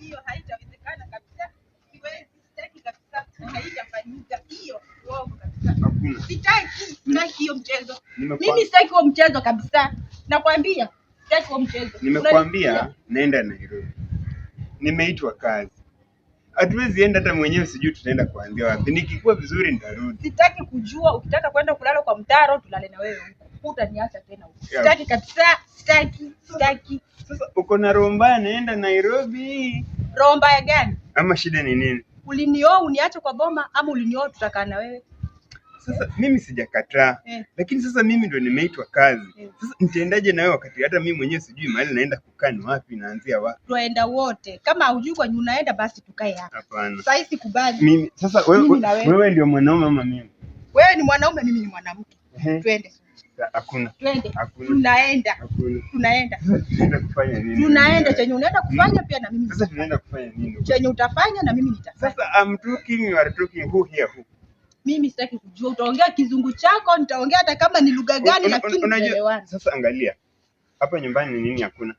hiyo haitawezekana kabisa, siwezi, sitaki kabisa, haitafanyika hiyo. sitaki, sitaki hiyo mchezo. Mimi sitaki huo mchezo kabisa, nakwambia sitaki huo mchezo. Nimekwambia naenda Nairobi, nimeitwa kazi Hatuwezi enda hata mwenyewe, sijui tutaenda kuambia wapi. Nikikuwa vizuri nitarudi. Sitaki kujua. Ukitaka kwenda kulala kwa mtaro, tulale na wewe huko, utaniacha tena huko? Sitaki kabisa, sitaki, sitaki. Sasa uko na roho mbaya, naenda Nairobi. Roho mbaya gani? Ama shida ni nini? Ulinioa uniache kwa boma ama ulinioa tutakaa na wewe? Sasa mimi sijakataa eh, lakini sasa mimi ndo nimeitwa kazi eh. Sasa nitaendaje nawe wakati hata mimi mwenyewe sijui mahali naenda kukaa ni wapi, naanzia wapi? Tuenda wote, kama hujui kwa unaenda basi tukae hapa. Hapana, sasa sikubali mimi. Sasa wewe, wewe ndio mwanaume ama mimi? Wewe ni mwanaume, mimi ni mwanamke. Twende. Hakuna. Twende. Tunaenda. Tunaenda. Tunaenda kufanya nini? Tunaenda chenye unaenda kufanya pia na mimi. Sasa tunaenda kufanya nini? Chenye utafanya na mimi nitafanya. Sasa I'm talking you are talking who here who? Mimi sitaki kujua utaongea kizungu chako, nitaongea hata kama ni lugha gani lakini Sasa angalia. Hapa nyumbani ni nini hakuna?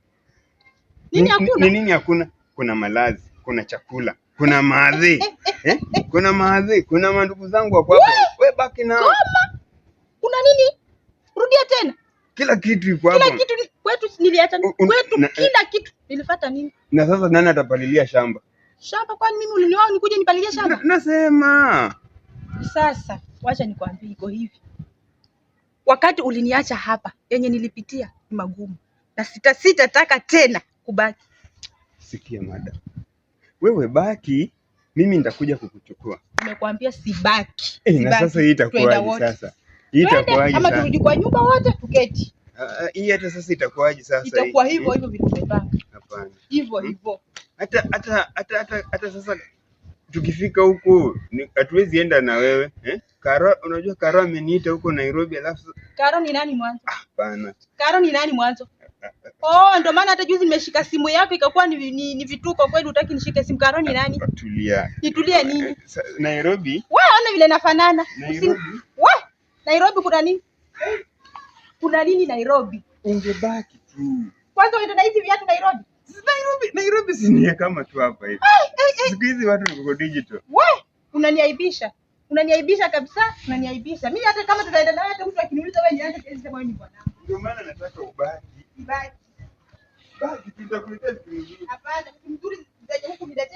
Nini hakuna? Ni nini hakuna? Kuna malazi, kuna chakula, kuna maadhi. Eh, eh, eh, eh? Kuna maadhi, kuna mandugu zangu hapo hapo. Wewe baki nao. Kuna nini? Rudia tena. Kila kitu iko hapo. Kila kitu kwetu niliacha kwetu na, kila kitu nilifuata nini? Na sasa nani atapalilia shamba? Shamba kwani mimi uliniwao nikuje nipalilie shamba? Na, nasema. Sasa wacha nikwambie iko hivi. Wakati uliniacha hapa yenye nilipitia ni magumu na sita sitataka tena kubaki. Sikia mada. Wewe baki mimi nitakuja kukuchukua. Nimekwambia sibaki. Eh, na sasa hii itakuwa sasa. Itakuwaje kama turudi kwa nyumba wote tuketi? Uh, uh, hii hata sasa itakuwaje sasa? Itakuwa hivyo hivyo vitu vimepanga. Hapana. Hivyo hmm? hivyo. Hata hata hata hata sasa tukifika huko hatuwezi enda na wewe eh? Karo, unajua Karo ameniita huko Nairobi, alafu Karo ni nani mwanzo? Ah, hapana. Karo ni nani mwanzo? Eh, eh, eh. Oh, ndio maana hata juzi nimeshika simu yako ikakuwa ni, ni, ni vituko kweli, utaki nishike simu. Karo ni nani? Tulia. Nitulie nini? Nairobi. Wewe ona vile nafanana. Nairobi. Nairobi kuna nini? Kuna nini Nairobi? Ungebaki tu. Kwanza unaenda na hizi viatu Nairobi? Nairobi, Nairobi si ni kama tu hapa hivi. Siku hizi watu wako digital. Wewe unaniaibisha. Unaniaibisha kabisa, unaniaibisha. Mimi hata kama tutaenda na hata mtu akiniuliza wewe ni nani kesi sema wewe ni bwana. Ndio maana nataka ubaki. Ubaki. Baki tutakuletea vitu vizuri. Hapana, mtu mzuri zaje huko bila